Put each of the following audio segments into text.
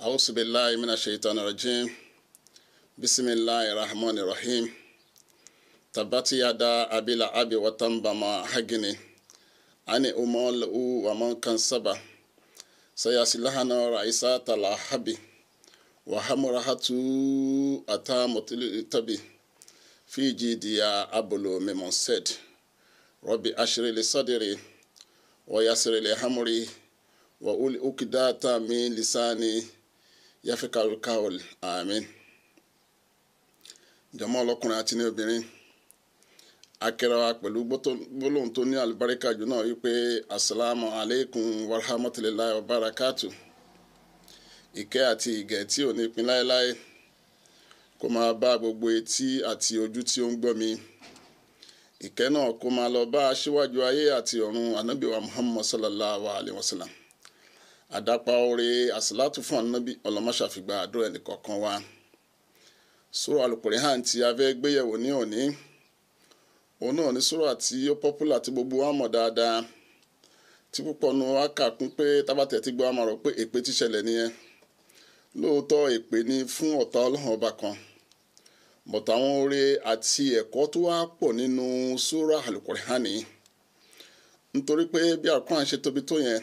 أعوذ بالله من الشيطان الرجيم بسم الله الرحمن الرحيم تبت يدا أبي لعب وتنب ما حقني أنا أمال أو ومن كان سبا سيصلها نار عيسى تلاحبي وحمرها أتى مطلع تبي في جيدي أبلو ممن سد ربي أشري لصدري ويسر لي أمري وأولي أكداتا من لساني yẹ́fíkà olùkàwọ̀l àmín jọmọ́ ọlọ́kùnrin àti ní obìnrin akẹrẹwà pẹ̀lú gbólóhùn tó ní àlùbáríkà jù náà wípé asalaamu aleykum warahmatulahi wabarakatu ìkẹ́ àti ìgẹ̀ tí ò ní pin láéláé kó máa bá gbogbo etí àti ojú tí ó ń gbọ́ mi ìkẹ́ náà kó máa lọ bá aṣíwájú ayé àti ọ̀run ànábì wa muhammad sallallahu alayhi wa sallam àdàpà asalatu àsìlátù fún ànábì ọlọmọṣàfìgbà àdúrà ẹnìkọ̀ọ̀kan wa sura Al-Qur'an tí a fẹ́ gbéyẹ̀wò ní òní òun náà ní sura tí ó pọ́pùlà tí gbogbo wa mọ̀ dáadáa tí púpọ̀ nu wa kà kún pé tábàtẹ̀ tí gbọ́ wa máa rò pé èpè ti ṣẹlẹ̀ nìyẹn lóòótọ́ èpè ni fún ọ̀tá ọlọ́run ọba kan bọ̀tà àwọn oore àti ẹ̀kọ́ tó wá pọ̀ nínú sura Al-Qur'an nìyí nítorí pé bí Al-Qur'an tó yẹn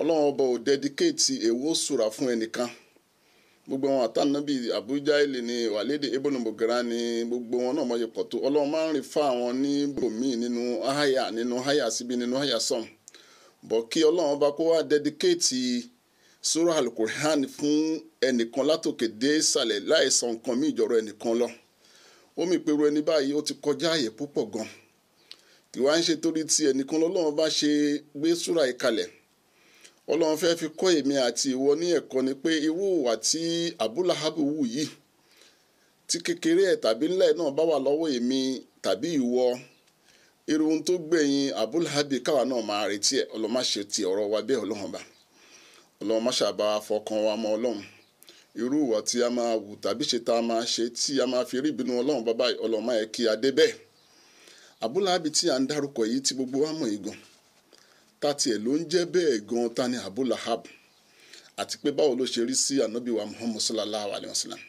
ọlọ́run ọba ò dẹ́díkéètì èwo sùrà fún ẹnìkan gbogbo wọn àtànàbí Abuja ilé ni wàlédè Ibn Mugira ni gbogbo wọn náà mọye pọ̀ tó ọlọ́run máa ń rìn fún àwọn ní bòmíì nínú háyà nínú háyà síbi nínú háyà sọ̀m bọ̀ kí ọlọ́run ọba kó wá dẹ́díkéètì sùrà alukur'an fún ẹnìkan látòkè dé ìsàlẹ̀ láìsọ nǹkan mí ìjọ̀rọ̀ ẹnìkan lọ ó mì ẹni báyìí ó ti kọjá àyè púpọ̀ gan kì wá ń ṣe torí ti ẹnìkan lọ́lọ́run bá ṣe gbé sùrà ìkalẹ̀ ọlọ́run fẹ́ fi kọ́ èmi àti ìwọ ní ẹ̀kọ́ ni pé irú ìwà tí abúláhábù wù yìí tí kékeré ẹ̀ tàbí ńlẹ̀ náà bá wà lọ́wọ́ èmi tàbí ìwọ irú ohun tó gbẹ̀yìn abúláhábì káwa náà máa retí ẹ̀ ọlọ́run má ṣe ti ọ̀rọ̀ wa bẹ́ẹ̀ ọlọ́run bá ọlọ́run má ṣàbá fọkàn wa mọ́ ọlọ́run irú ìwà tí a máa wù tàbí ṣe tá a máa ṣe tí a máa fi rí ìbínú ọlọ́run bàbá ọlọ́run má yẹ kí a dé bẹ́ẹ̀ abúláhábì tí à ń dárúkọ yìí tí gbogbo wa mọ̀ Tati tiẹ̀ ló ń jẹ́ bẹ́ẹ̀ gan ta ni Abu Lahab àti pé báwo ló ṣe rí sí ànábì wa Muhammad sallallahu alayhi wa sallam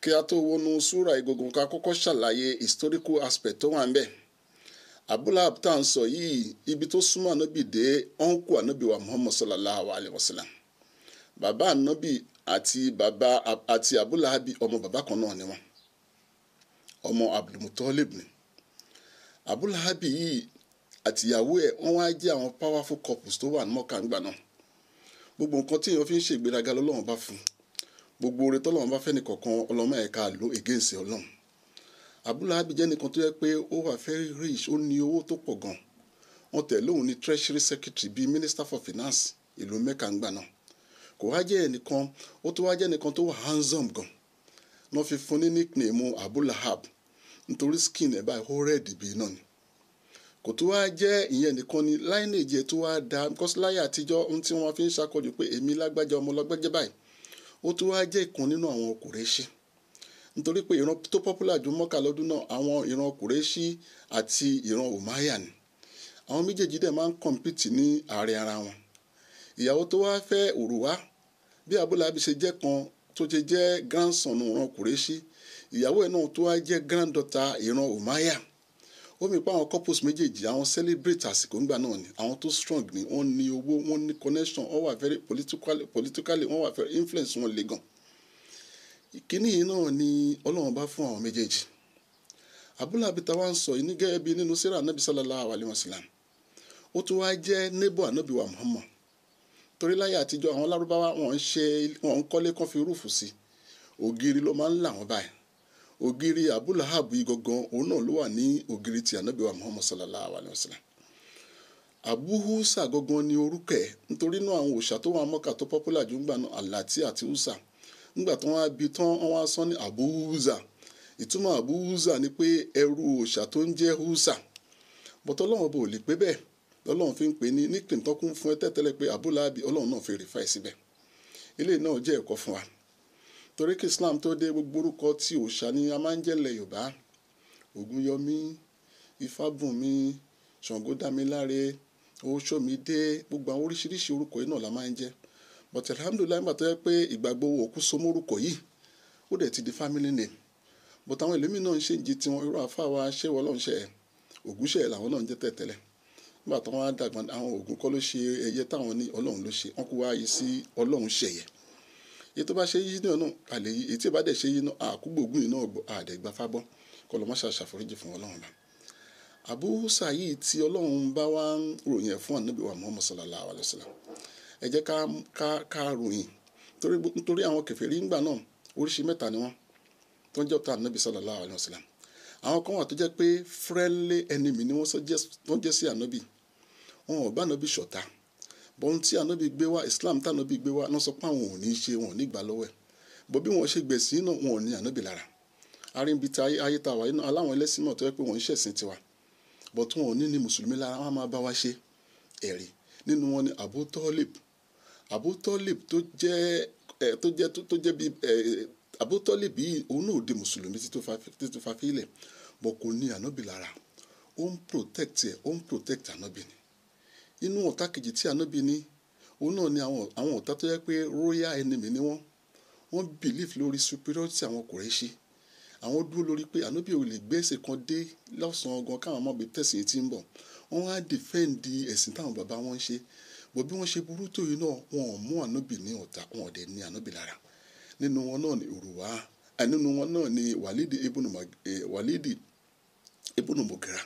kí a tó wọnú súra egungun ká kọ́kọ́ ṣàlàyé historical aspect tó wà ń bẹ̀ Abu Lahab tá à ń sọ yìí ibi tó súnmọ́ ànábì dé ọ̀nkù ànábì wa Muhammad sallallahu alayhi wa sallam bàbá ànábì àti bàbá àti Abu Lahab ọmọ baba kan náà ni wọn ọmọ Abdulmutalib ni Abu Lahab yìí àtìyàwó ẹ̀ wọn wá jẹ́ àwọn powerful couples tó wà ní ńgbà náà gbogbo nǹkan tí èèyàn fi ń ṣe ìgbéraga lọ́lọ́run bá fún gbogbo oore tọ́lọ́run bá fẹ́ni kọ̀ọ̀kan ọlọ́mọ ẹ̀ka ló against Abula Abúláhábì jẹ́ nìkan tó yẹ pé ó wà very rich ó ní owó gan wọ́n te lóun ní treasury secretary bíi minister for finance ìlú mẹ́ka ńgbà náà kò wá ẹnìkan ó tó wá ẹnìkan tó gan fi fún ní nickname Hab nítorí skin báyìí ó rẹ́ẹ̀dì bíi kò tó wá jẹ́ ìyẹn nìkan ni láìnèjì tó wá da because láyé àtijọ́ ohun tí wọ́n fi ń ṣàkójú pé èmi lágbájá ọmọ lọ́gbẹ́jẹ́ báyìí ó tó wá jẹ́ ìkan nínú àwọn Kùrẹ́ṣì nítorí pé ìran tó popular ju mọ́kà lọ́dún náà àwọn ìran Kùrẹ́ṣì àti ìran Umayya ni àwọn méjèèjì dẹ̀ máa ń kọ̀mpìtì ní ààrẹ ara wọn ìyàwó tó wá fẹ́ Òrùwá bí Abúlábí ṣe jẹ́ kan tó ṣe jẹ́ grandson ìran Kùrẹ́ṣì ìyàwó ẹ̀ náà tó wá jẹ́ granddaughter ìran Umayya ó fi pa àwọn couples méjèèjì àwọn celebrate àsìkò ńgbà náà ni àwọn tó strong ni wọ́n ní owó wọ́n ní connection wọ́n wà very politically politically wọ́n wà very influence wọn le gan ìkíní yìí náà ni ọlọ́run bá fún àwọn méjèèjì abúlé abita wa ń sọ yìí ní gẹ́gẹ́ bí nínú sarah anabi sallallahu alayhi wa sallam ó tún wá jẹ́ neighbor anabi wa muhammad torí láyé àtijọ́ àwọn lárúbáwá wọn ń ṣe wọn ń kọ́lé kan fi rúùfù sí ògiri ló máa ń là wọn báyìí ògiri abúlahab yìí gangan òun náà ló wà ní ògiri ti ànábì muhammad sallallahu alayhi wa sallam abuhusa gangan ni orúkẹ nítorí náà àwọn òòṣà tó wà mọ́kà tó pọ́pùlà jù ń gbà náà àlàtì àti húsà nígbà tó wọ́n á tán wọ́n á ní abuhusa ìtumọ̀ abuhusa ni pé ẹrú òòṣà tó ń jẹ́ húsà bọ́tọ́ ọlọ́run bò lè pé bẹ́ẹ̀ lọ́lọ́run fi ń pè ní ní kìntọ́kùn fún ẹ tẹ́tẹ́lẹ́ pé abúlahab ọlọ́run náà fi rìfáì síbẹ̀ eléyìí náà jẹ́ ẹ̀kọ́ fún wa torí kí Islam tó dé gbogbo orúkọ tí òòṣà ni a máa ń jẹ́lẹ̀ Yorùbá Ògúnyọmí Ifábùnmi Ṣàngódámiláre Oṣómídé gbogbo àwọn oríṣiríṣi orúkọ yìí náà la máa ń jẹ́ but alhamdulilayi nígbà tó yẹ pé ìgbàgbọ́ òkú somọ́ orúkọ yìí ó dẹ̀ ti di family name but àwọn ìlú mi náà ń ṣe ìjì tiwọn irú àfáwa ṣẹ́wọ́ ọlọ́run ṣe ẹ̀ ògúnṣẹ́ làwọn náà ń jẹ́ tẹ̀tẹ̀lẹ̀ nígbà táwọn á dàgbà àwọn ògún kọ́ ló ṣe ẹyẹ táwọn ní ọlọ́run ló ṣe wọn kó wáyé sí ọlọ́run ṣẹ̀yẹ èyí tó bá ṣe yí náà náà àlè yí èyí tí ì bá dẹ̀ ṣe yí náà àkúgbògùn yìí náà gbọ́ àdẹ̀gbà fábọ́ kọlọmọṣà ṣàforíjì fún ọlọ́run bá Abu Sa'id tí ọlọ́run bá wá ń ròyìn ẹ̀ fún ànábì wa Muhammad sallallahu alayhi wa sallam ẹ jẹ́ ká ká ká ròyìn nítorí àwọn kèfèrí ńgbà náà oríṣi mẹ́ta ni wọ́n tó ń jẹ́ ọ̀tá ànábì sallallahu wa sallam àwọn kan wà tó jẹ́ pé friendly enemy ni wọ́n jẹ́ sí ànábì wọn ò bá ànábì ṣọ̀tá bọ́n tí ànábì gbé wá islam tí ànábì gbé wá náà sọ pé àwọn ò ní í ṣe wọn ò ní gbà lọ́wọ́ ẹ̀ bọ́ bí wọ́n ṣe gbẹ̀sìn náà wọn ò ní ànábì lára arínbi tí ayé ta wà aláwọn ẹlẹ́sìn náà tó yẹ pé wọ́n ń ṣẹ̀sìn tiwa bọ́ tí wọn ò ní ní mùsùlùmí lára wọn á máa bá wa ṣe ẹ̀rí nínú wọn ni Abu Talib Abu Talib tó jẹ́ tó jẹ́ tó jẹ́ bíi Abu Talib yìí òun náà di mùsùlùmí títí fa bọ́ kò ní ànábì lára ó ń protect ẹ̀ ó ń protect ànábì ni inú ọ̀tá kejì tí ànábì ní òun náà ni àwọn ọ̀tá tó yẹ pé royal enemy ni wọ́n wọ́n belief lórí superiority àwọn Kùrẹ́ṣì àwọn dúró lórí pé ànábì ò lè gbé ẹsẹ̀ kan dé lọ́sàn-án gan káwọn ọmọ bíi tẹ̀sìn tí ń bọ̀ wọ́n á dìfẹ́ǹdì ẹ̀sìn táwọn bàbá wọn ń ṣe bọ̀ bí wọ́n ṣe burú tó yìí náà wọn ò mú ànábì ní ọ̀tá wọn ò dẹ̀ ní ànábì lára nínú wọn náà ni òrùwà nínú wọn náà ni wàlídìí ibùnú mọ̀gẹ́ra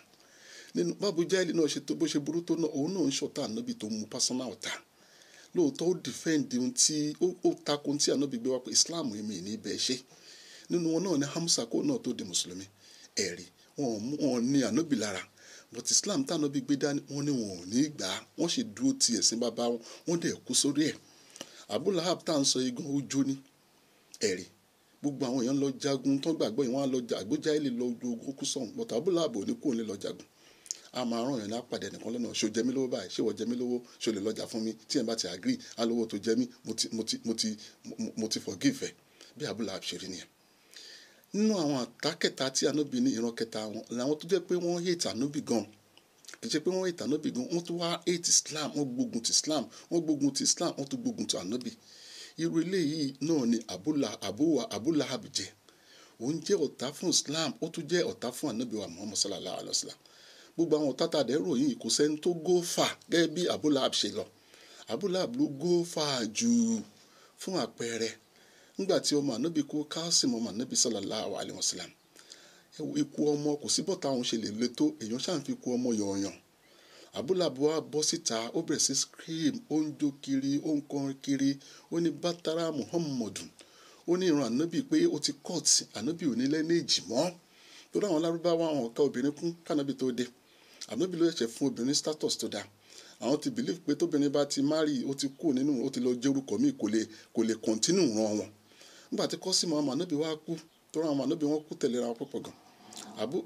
nínú bábu jáìlì náà ṣe tó bó ṣe burú tó náà òun náà ń ṣọ̀tá ànábì tó mú pásánà ọ̀tá lóòótọ́ ó dìfẹ́ǹdì ohun tí ó takò ohun tí ànábì gbé wá pé islam èmi ní ibẹ̀ ṣe nínú wọn náà ni hamsa kó náà tó di mùsùlùmí ẹ̀rí wọn ní ànábì lára but islam tánábì gbé dání wọn ni wọn ò ní gbà á wọn sì dúró ti ẹ̀sìn bàbá wọn wọn dẹ̀ kú sórí ẹ̀ Abu Lahab tá à ń sọ igun ó jó ní ẹ̀rí gbogbo àwọn èèyàn lọ jagun tó gbàgbọ́ yìí wọ́n á lọ jagun àgbójáìlì lọ ogun kú sọ̀hún but Abu Lahab ò ní kó ní lọ jagun a máa ràn yàn lápàdé nìkan lọ́nà ṣó jẹ mí lówó báyìí ṣé wọ́n jẹ lówó ṣó lè lọ́jà fún mi tí ẹ̀ bá ti agree á lówó tó jẹ mí mo ti forgive ẹ̀ bí abúlé àṣírí nìyẹn nínú àwọn àtàkẹ́ta tí ànóbì ní ìran kẹta wọn làwọn tó jẹ́ pé wọ́n hate ànóbì gan kì í ṣe pé wọ́n hate ànóbì gan wọ́n tún wá hate islam wọ́n gbógun ti islam wọ́n gbógun ti islam wọ́n tún gbógun ti ànóbì irú eléyìí náà ni abúlà abúwà abúlà àbìjẹ òun jẹ́ ọ̀tá fún islam ó tún jẹ́ ọ̀tá fún ànóbì wa muhammad sallallahu alayhi wa sallam gbogbo àwọn tátàdẹ́rò yìí kò sẹ́ni tó gó fà gẹ́gẹ́ bí abúláàb ṣe lọ abúláàb ló gó fà jù fún àpẹẹrẹ nígbà tí ọmọ ànábì kú káásìm ọmọ ànábì sallallahu alaihi wasallam ikú ọmọ kò sí bọ́tà òun ṣe lè le tó èèyàn ṣáà ń fi ikú ọmọ yọ̀ọ̀yàn abúláàbù wa bọ́ síta ó bẹ̀rẹ̀ sí scream ó ń jó kiri ó ń kọrin kiri ó ní bátara muhammadu ó ní ìran ànábì pé ó ti cut ànábì ò ní lẹ́ẹ̀mejì mọ́ torí àwọn lárúbáwá àwọn ọ̀ka obìnrin kún kánábì tó dé ànábì ló ṣẹ̀ṣẹ̀ fún obìnrin status tó dáa àwọn ti believe pé tóbìnrin bá ti marry ó ti kú nínú ó ti lọ jẹ́ orúkọ míì kò lè kò lè continue ràn wọ́n nígbà tí kọ́sìmù àwọn ànábì wá kú tó ra àwọn ànábì wọn kú tẹ̀léra wọn pọ̀pọ̀ gan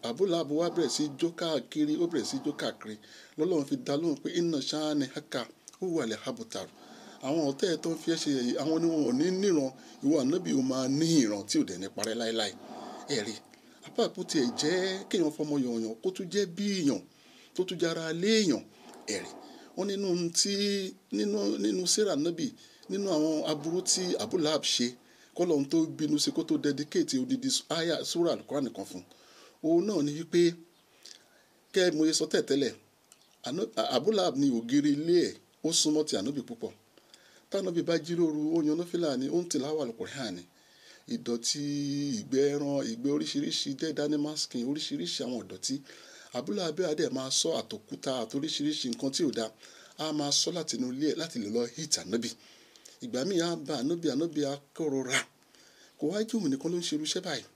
àbúlà àbú wa bẹ̀rẹ̀ sí jó káàkiri ó bẹ̀rẹ̀ sí jó káàkiri lọ́lọ́run fi dá lóhùn pé iná sáánì haka ó wà lẹ́ habutaru àwọn ọ̀tẹ́ ẹ̀ tó ń fi ẹ́ ṣe yẹ̀yẹ́ àwọn ni wọn ò ní níran ìwọ ànábì ó máa ní ìran tí ò dẹ̀ ní parẹ́ láéláé ẹ̀rí apá àpótí ẹ̀ jẹ́ kéèyàn fọmọ yọ̀ọ̀yàn kó tún jẹ́ bí ìyàn tó tún jára léèyàn ẹ̀rí wọn nínú tí nínú nínú sarah nabi nínú àwọn aburú tí abulab ṣe kọlọ́hún tó bínú sí kó tó dedicate odidi aya sura alukoran kan fún òun náà ni wípé kẹ́ mo yẹ sọ tẹ̀tẹ́lẹ̀ abulab ni ògiri ilé ẹ̀ ó súnmọ́ ti ànábì púpọ̀ tànábì bá jíròrò ó yan nọ́fìlà ni ó ń tìlà wà alukoran ni ìdọ̀tí ìgbẹ́ ẹran ìgbẹ́ oríṣiríṣi dead animal oríṣiríṣi àwọn ìdọ̀tí àbúlé abẹ́ adé máa sọ àtòkúta àtòríṣiríṣi nǹkan tí ò da a máa sọ láti inú ilé láti lè lọ hit ànábì ìgbà míì á ba ànábì ànábì akọrọra kò wá jẹ́ òun nìkan ló ń ṣe irúṣẹ́ báyìí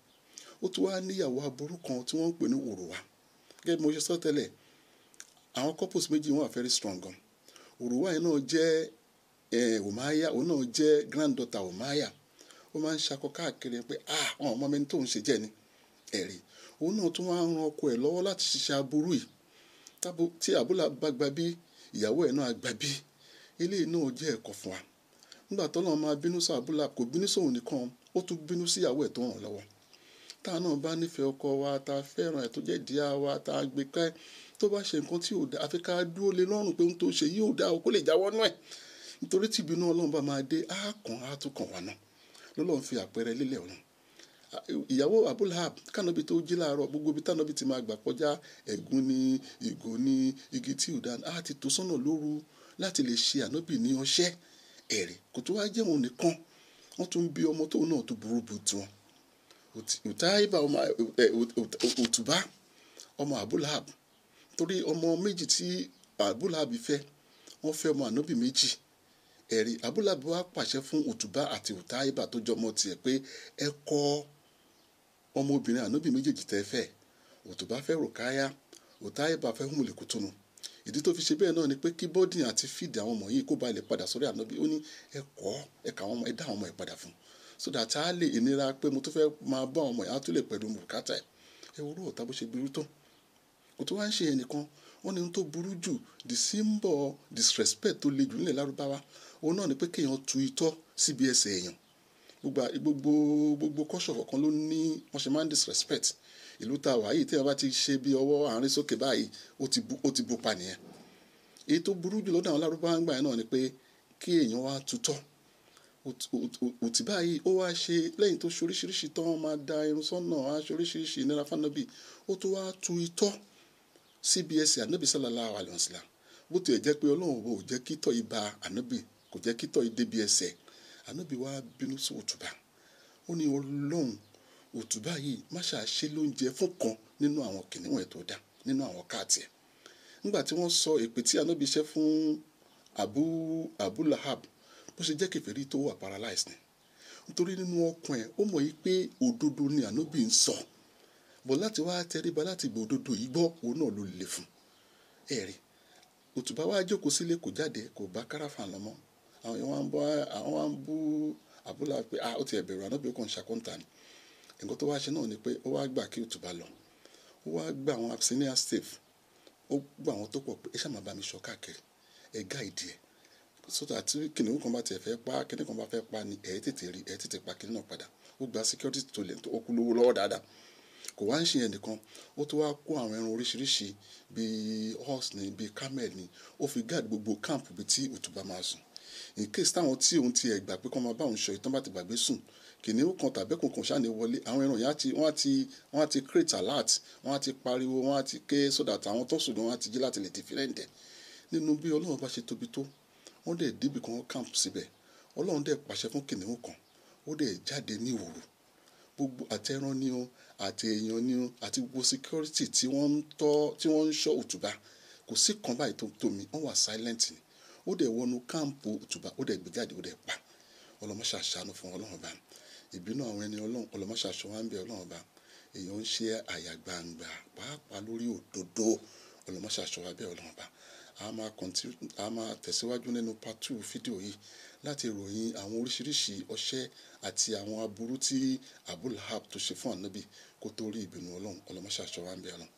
ó tún wá níyàwó aburú kan tí wọ́n ń pè ní òrùwà gẹ́gẹ́ mo ṣe sọ tẹ́lẹ̀ àwọn couples méjì wọn wà very strong gan òrùwà yìí náà jẹ́ òmáyà òun náà jẹ́ granddaughter òmáyà ó máa ń ṣakọ káàkiri pé ah wọn ò mọ mi tó ṣe jẹ́ ni ẹ̀rí òun náà tún wá ń ran ọkọ ẹ̀ lọ́wọ́ láti ṣiṣẹ́ aburú yìí tí àbúlà bá gba bí ìyàwó ẹ̀ náà gba bí eléyìí náà jẹ́ ẹ̀kọ́ fún wa nígbà tó lọ́n máa bínú sí àbúlà kò bínú sóun nìkan ó tún bínú sí ìyàwó ẹ̀ tó ràn lọ́wọ́ tá a náà bá nífẹ̀ẹ́ ọkọ wa tá a fẹ́ràn ẹ̀ tó jẹ́ díà wa tá a gbé ká ẹ̀ tó bá ṣe nǹkan tí ò dáa àfi ká dúró lé lọ́rùn pé ohun tó ṣe yìí ò o kó lè jáwọ́ nú ẹ̀ nítorí tìbínú ọlọ́run bá máa dé á kàn á tún kàn wá náà lọ́lọ́run fi àpẹẹrẹ lélẹ̀ ọ̀run ìyàwó abúlhab kánàbí tó jí láàárọ̀ gbogbo ibi tánàbí ti máa gbà kọjá ẹ̀gún ní ìgò ní igi tí ò dáa á ti tó sọ́nà lóru láti lè ṣe ànábì ní ọṣẹ́ ẹ̀rí kò tó wá jẹun nìkan wọ́n tún bí ọmọ tóun náà tó burú bu tiwọn òtáìbà ọmọ òtùbá ọmọ abúlhab torí ọmọ méjì tí abúlhab fẹ́ wọ́n fẹ́ ọmọ ànábì méjì ẹ̀rí abúlhab wá pàṣẹ fún òtùbá àti òtáìbà tó jọmọ tiẹ̀ pé ẹ kọ́ ọ ọmọbìnrin ànábì méjèèjì tẹ́ fẹ́ òtòbá fẹ́ rùkáyà òtáyébà fẹ́ hùmùlì kùtùnú ìdí tó fi ṣe bẹ́ẹ̀ náà ni pé kí bọ́dì àti fídì àwọn ọmọ yìí kó ba lè padà sórí ànábì ó ní ẹ kọ́ ẹ kà àwọn ọmọ ẹ dá àwọn ọmọ ẹ padà fún so that a lè ìnira pé mo tó fẹ́ máa bọ́ àwọn ọmọ yẹn á tó lè pẹ̀lú bùkátà ẹ̀ ẹ wúrò ọ̀tá bó ṣe burú tó kò tó wá ń ṣe ẹnìkan wọ́n ní tó burú jù the symbol disrespect tó le jù nílẹ̀ lárúbáwá òun náà ni pé kéèyàn tu itọ́ síbi ẹsẹ̀ èèyàn gbogbo gbogbo kọ́ṣọ̀ kọ̀ọ̀kan ló ní wọ́n ṣe máa ń disrespect ìlú tá a wà yìí tí a bá ti ṣe bí ọwọ́ àárín sókè báyìí ó ti bu pa nìyẹn èyí tó burú jù lọ́dọ̀ àwọn lárúbáwá ń gbà yẹn náà ni pé kí èèyàn wá tutọ́ òtí báyìí ó wá ṣe lẹ́yìn tó ṣoríṣiríṣi tán máa da irun sọ́nà á ṣoríṣiríṣi ìnira fánábì ó tó wá tu itọ́ cbs ànábì sallallahu alaihi wasallam bó tilẹ̀ jẹ́ pé ọlọ́run ò jẹ́ kítọ́ ibà ànábì kò jẹ́ kítọ́ idébi ẹsẹ̀ ànábì wa bínú sí òtúbà ó ní ọlọ́run òtúbà yìí má ṣàṣe lóúnjẹ fún kan nínú àwọn kìnìún ẹ̀ tó dá nínú àwọn káàtì ẹ̀ nígbà sọ èpè tí ànábì ṣe fún abu abu lahab bó ṣe jẹ́ kèfèrí tó wà paralyzed ni nítorí nínú ọkàn ẹ̀ ó mọ̀ yìí pé òdodo ni ànábì ń sọ bọ̀ láti wá tẹríba láti gbọ́ òdodo yìí gbọ́ òun náà ló le fún ẹ̀rí òtúbà wá jókòó sílé kò jáde kò bá káráfà lọ́mọ́ àwọn yẹn wá ń bọ́ àwọn wá ń bú àbúlà pé ah ó ti ẹ̀bẹ̀rù ànábì kò ń ṣàkóńtà ni nǹkan tó wá ṣe náà ni pé ó wá gbà kí òtúbà lọ ó wá gbà àwọn senior staff ó gbà àwọn tó pọ̀ pé ẹ ṣàmà bá mi sọ káàkiri ẹ gáìdì ẹ sótà tí kìnìún kan bá tiẹ̀ fẹ́ pa kìnìún kan bá fẹ́ pa ni ẹ̀ tètè rí ẹ̀ tètè pa kìnìún náà padà ó gba security tó lè tó kú lówó lọ́wọ́ dáadáa kò wá ń ṣe yẹn nìkan ó tó wá kó àwọn ẹran oríṣiríṣi bíi horse ni bíi camel ni ó fi gáàdì gbogbo camp bíi tí òtúbà máa sùn in case táwọn tí òun ti ẹ̀ gbà pé kọ́ máa bá òun ṣọ ìtàn bá ti gbàgbé sùn kìnìún kan tàbẹ́kùn kan ṣáà ní wọlé àwọn ẹran yẹn àti wọ́n àti wọ́n àti create alert wọ́n àti pariwo wọ́n àti ké so that tó sùn wọ́n àti jí láti lè dìfírẹ́ǹdẹ̀ nínú bí ọlọ́run bá ṣe tóbi tó wọ́n dẹ̀ débi kan camp síbẹ̀ ọlọ́run dẹ̀ pàṣẹ fún kìnìún kan ó dẹ̀ jáde ní òru gbogbo àtẹran ni o àti èèyàn ni o àti gbogbo security tí wọ́n ń tọ́ tí wọ́n ń ṣọ́ òtúbá kò sí kan báyìí tó tómi wọ́n wà silent ni ó dẹ̀ wọnú káàmpù òtùbà ó dẹ̀ gbé jáde ó dẹ̀ pa ọlọmọṣà ṣàánú fún ọlọ́run bá ìbínú àwọn ẹni ọlọ́run ọlọmọṣà ṣọ wá ń bẹ ọlọ́run bá èèyàn ń ṣe àyà gbangba pàápàá lórí òdodo ọlọmọṣà ṣọ wá bẹ ọlọ́run bá a máa tẹ̀síwájú nínú part two fídíò yìí láti ròyìn àwọn oríṣiríṣi ọṣẹ́ àti àwọn aburú tí Abul Hab tó ṣe fún ànábì kó tó rí ìbínú ọlọ́run ọlọmọṣà ṣọ ń bẹ ọlọ́run.